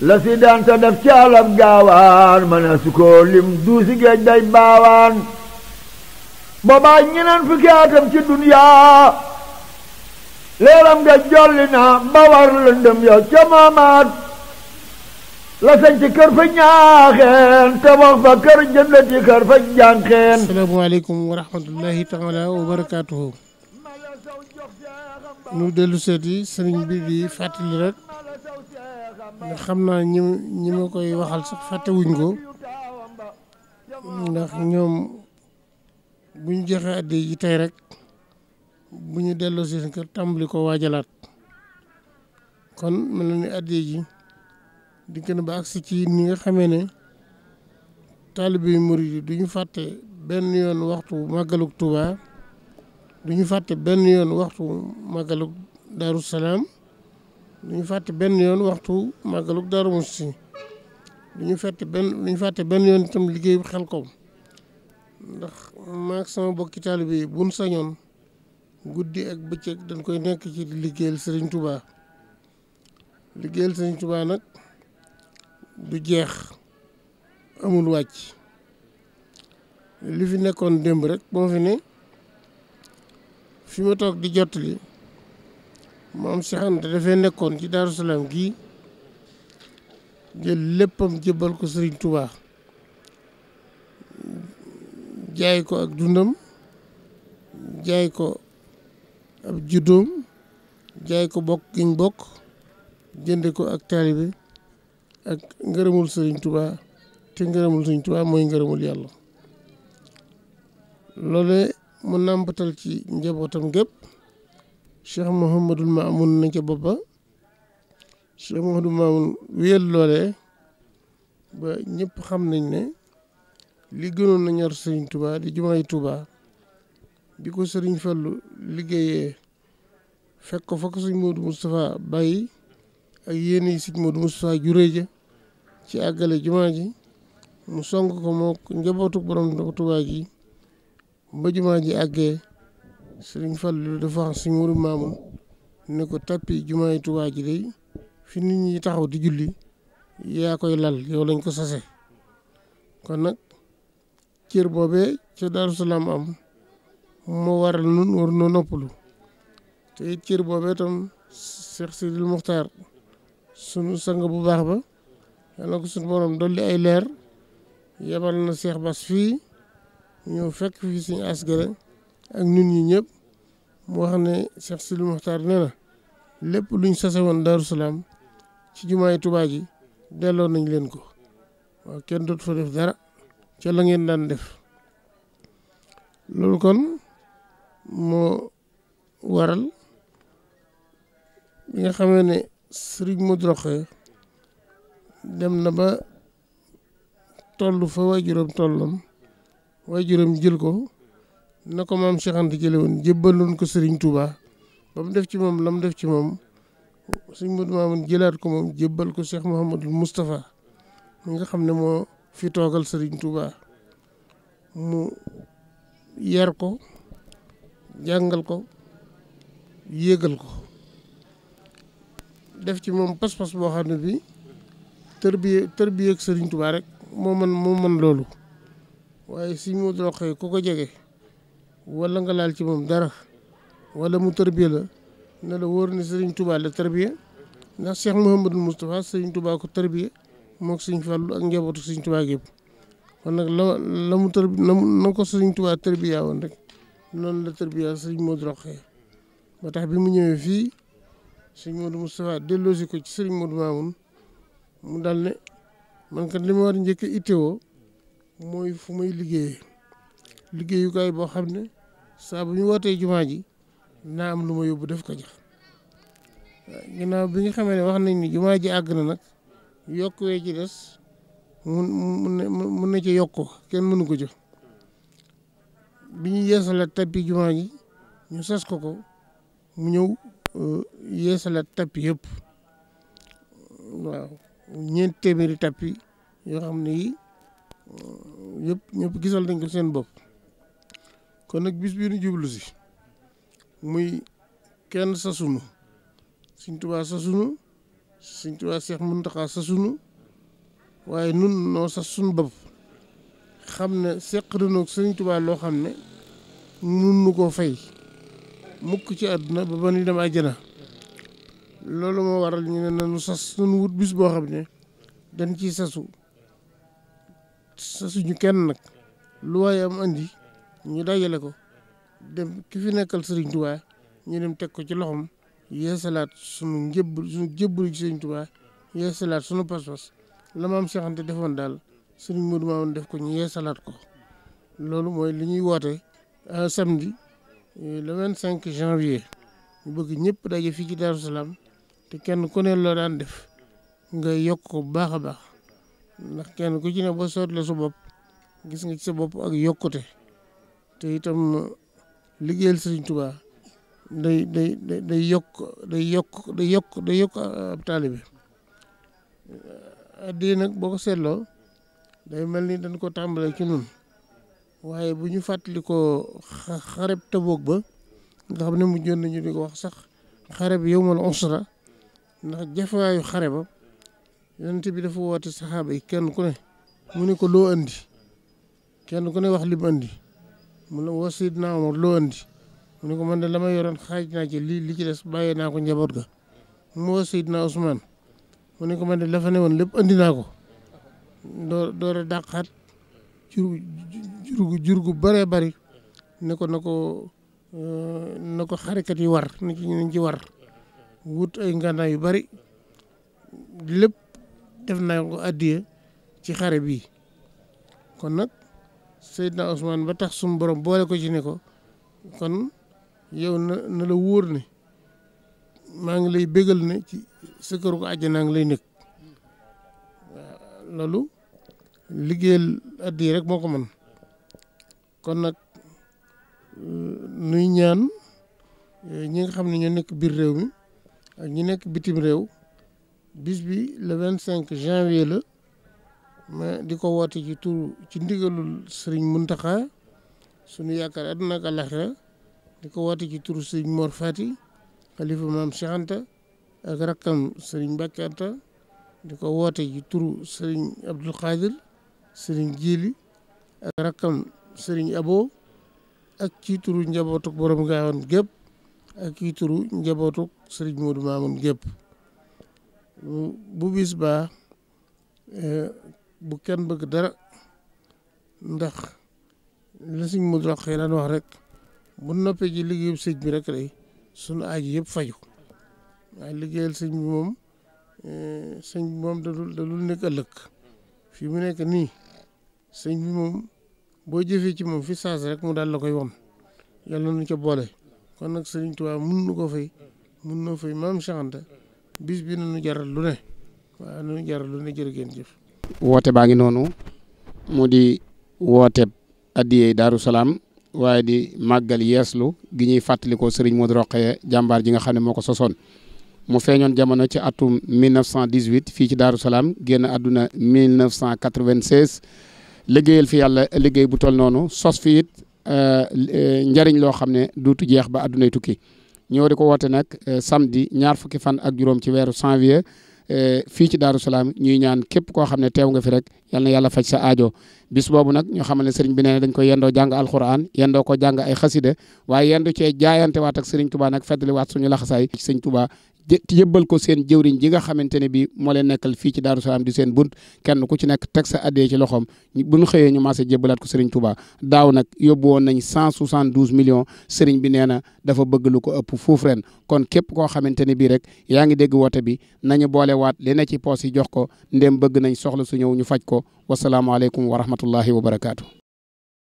la si daan ta def ci alab gaawaan mën a su koo lim duusi géej day baawaan boobaa ñeneen fukki atam ci duniyaa leeram nga jolli na bawar lëndëm ya ca moomaat la sañ ci kër fa ñaaxeen tabax fa kër jëndati kër fa jànqeen asalaamaaleykum wa rahmatullahi taala wa barakaatuhu ñu dellu seeti sëriñ bi di fàttali rek ndax xam naa ñi ñi ma koy waxal sax fàttewuñ ko ndax ñoom bu ñu joxe addi ji tey rek bu ñu delloo seen kër tàmbali ko waajalaat kon mel na ni addi ji dikk na ba agsi ci ni nga xamee ne taalibe yu murid yi duñu fàtte benn yoon waxtu màggalug Tuuba duñu fàtte benn yoon waxtu màggalug Daaru Salaam duñu fàtte benn yoon waxtu màggalug Daaru Musti duñu fàtte benn fàtte benn yoon itam liggéey bu Xelkom ndax maag sama bokki taalibe yi buñ sañoon guddi ak bëccëg dañ koy nekk ci liggéeyal Serigne Touba liggéeyal Serigne Touba nag du jeex amul wàcc li fi nekkoon démb rek boo fi ne fi ma toog di jot maam Cheikh Anta dafay nekkoon ci Daaru Salaam gii jël léppam jébbal ko Serigne Touba jaay ko ak dundam jaay ko ab juddoom jaay ko bokk giñ bokk jënde ko ak taalibe ak ngërëmul Serigne tubaa te ngërëmul Serigne Touba mooy ngërëmul yàlla loole mu nàmpatal ci njabootam gépp cheikh Mouhamadul Maamun nañ ca bopp ba cheikh Mouhamadul wéyal loolee ba ñëpp xam nañ ne li gënoon na ñor Serigne Touba di jumaay Touba di ko Serigne Fallou liggéeyee fekk ko fa ko sëñ Modou Moustapha bàyyi ak yéen yi sëñ Modou Moustapha juree ja ci àggale jumaa ji mu song ko moo njabootu borom Touba ji ba jumaa ji àggee. sëriñ Fallu dafa wax suñ muru maamun ne ko tappi jumaay Tuubaa ji fi nit ñi taxaw di julli yaa koy lal yow lañ ko sase kon nag cër boobee ca Daaru Salaam am moo waral nun war noo noppalu te it cër boobee tam Cheikh Sidil Muxtaar sunu sang bu baax ba yàlla ko sunu borom dolli ay leer yebal na Cheikh Bass fii ñëw fekk fii suñu asgare ak nun ñi ñëpp mu wax ne Cheikh si Muxtaar nee na lépp luñ sase woon Daaru Salaam ci jumaay Tubaa ji delloo nañ leen ko waaw kenn dootu fa def dara ca la ngeen daan def loolu kon moo waral bi nga xamee ne sëriñ Modou Rokhaya dem na ba toll fa waajuram tolloon waajuram jël ko na ko maam Cheikh Anta jële woon jébbaloon ko Serigne Touba ba mu def ci moom la mu def ci moom moo Modou Mamoun jëlaat ko moom jébbal ko Cheikh Mouhamadul Moustapha mi nga xam ne moo fi toogal sëriñ Touba mu yar ko jàngal ko yéegal ko def ci moom pas-pas boo xam ne bi tërbiye tërbiye ak Serigne Touba rek moo mën moo mën loolu waaye Serigne Modou Rokhaya ko ko jege wala nga laal ci moom dara wala mu tarbiya la ne la wóor ne Serigne Touba la tarbiya ndax Cheikh Mouhamadou Moustapha Serigne Touba ko tarbiya moo Serigne Fallou ak njabootu Serigne kon nag la la mu tarbi na tarbiya woon rek noonu la tarbiya Serigne Modou Rokhaya ba tax bi mu ñëwee fii Serigne Modou Moustapha delloosi ko ci Serigne Modou Mamoun mu dal ne man kat li ma war njëkk a mooy fu may liggéeyee liggéeyukaay boo xam ne. saa bu ñu wootee jumaa ji naa am lu ma yóbbu def ko jox ginnaaw bi nga xamee ne wax nañ ni jumaa ji àgg na nag yokk wee ci des mun mun na ci yokk kenn mënu ko jox bi ñu yeesalaat tappi jumaa ji ñu sas ko ko mu ñëw euh, yeesalaat tappi téeméeri tappi yoo xam ne yi euh, yëpp ñëpp gisal nañ ko seen bopp kon nag bis bii nu jublu si muy kenn sasunu Sëñ Tuubaa sasunu Sëñ Tuubaa Seex Muntaxaa sasunu waaye nun noo sas suñu bopp xam ne seq nanoog Sëñ Tuubaa loo xam ne nun koo fay mukk ci àdduna ba ba nu dem àjjana loolu moo waral ñu ne nanu sas suñu wut bis boo xam ne dañ ciy sasu sasuñu kenn nag lu waaye am andi ñu dajale ko dem ki fi nekkal sëriñ Tuubaa ñu dem teg ko ci loxoom yeesalaat sunu njëbbal sunu jëbbalu ci sëriñ yeesalaat sunu pas la maam Cheikh defoon daal sëriñ Modou def ko ñu yeesalaat ko loolu mooy li ñuy woote euh, samedi euh, le vingt cinq janvier ñu bëgg ñëpp daje fii ci Darou te kenn ku ne loo daan def nga yokk ko bu baax baax ndax kenn ku ci ne ba sotle su bopp gis nga ci sa bopp ak yokkute te itam liggéeyal sëriñ Tuuba day day day yokk day yokk day yokk day yokk ab taalibe addiya nag boo ko seetloo day mel ni dañ ko tàmbale ci nun waaye bu ñu fàttali ko xareb taboog ba nga xam ne mujjoon nañu di ko wax sax xareb yowmal usra ndax jafewaayu xare ba yonent bi dafa woote saxaaba yi kenn ku ne mu ne ko doo andi kenn ku ne wax li mu mu ne woo Seydina Omar loo andi mu ko man de yoroon xaaj naa ci lii li ci des bàyyee naa ko njaboot ga mu woo Seydina Ousmane mu ne ko man de woon lépp andi naa ko door door a dàqaat jur jur jur gu bëree bëri ne ko na ko euh, na ko xarikat yi war na ci nañ ci war wut ay ngànnaay yu bari lépp def naa ko addiye ci xare bii kon nag Seydina Ousmane ba tax suñu borom boole ko ci ne ko kon yow na la wóor ne maa ngi lay béggal ne ci sa kër ko àjjanaa ngi lay nekk loolu liggéeyal addi rek moo ko mën kon nag euh, nuy ñaan euh, ñi nga xam ne ñoo nekk biir réew mi ak ñi nekk bitim réew bis bi le vingt cinq janvier la ma di ko woote ci tur ci ndigalul sëriñ Muntaxa sunu yaakaar àdduna ak di ko woote ci turu sëriñ Mor Fati xalifa maam Cheikh Anta ak rakkam di ko woote ci turu sëriñ Abdul Xaadir sëriñ Jiili ak rakkam sëriñ Abo ak ci turu njabootuk borom gaawoon gépp ak ci turu njabootuk sëriñ Moodu Maamun gépp baa eh, bu kenn bëgg dara ndax la sëñ Modou Rokhaya daan wax rek bu noppee ci liggéeyu sëñ bi rek day sunu aaj yëpp faju waaye liggéeyal sëñ bi moom eh, sëñ bi moom da dul da dul nekk mu nekk ni sëñ bi moom boo jëfee ci moom fi saas rek mu daal la koy won yàlla nañu ca boole kon nag sëriñ Tuubaa mun nu ko fay mun noo fay maam Cheikh Anta bis bi nañu jaral lu ne waaw nañu jaral lu ne jërë ngeen jëf woote baa ngi noonu mu di woote addiyey Daaru Salaam waaye di màggal yeeslu gi ñuy fàttalikoo Serigne Modou Rokhaya jàmbaar ji nga xam ne moo ko sosoon mu feeñoon jamono ci atum 1918 fii ci Daaru Salaam génn àdduna 1996 liggéeyal fi yàlla liggéey bu toll noonu sos fi it euh, njariñ loo xam ne duutu jeex ba àddunay tukki ñoo ko woote nag euh, samedi ñaar fukki fan ak juróom ci weeru janvier Eh, fii ci Daaru Salaam ñuy ñaan képp koo xam ne teew nga fi rek yal yàlla faj sa ajo bis boobu nag ñu xamal ne sëriñ bi nee na dañ koy yendoo jàng alxuraan yendoo ko jàng ay xaside waaye yendu cee jaayante waat ak sëriñ Tuubaa nag feddali waat suñu laxasaay sëriñ Tuubaa yëbbal ko seen jëwriñ ji nga xamante ne bii moo leen nekkal fii ci Daaru Salaam di seen bunt kenn ku ci nekk teg sa addee ci loxoom bu ñu xëyee ñu maase jébbalaat ko Serigne Touba daaw nag yóbbu woon nañ cent soixante-douze millions Serigne bi nee na dafa bëgg lu ko ëpp fuuf ren kon képp koo xamante ne bii rek yaa ngi dégg woote bi nañu boole waat li ci poos yi jox ko ndéem bëgg nañ soxla su ñëw ñu faj ko wasalaamaaleykum wa rahmatullahi wa barakaatu.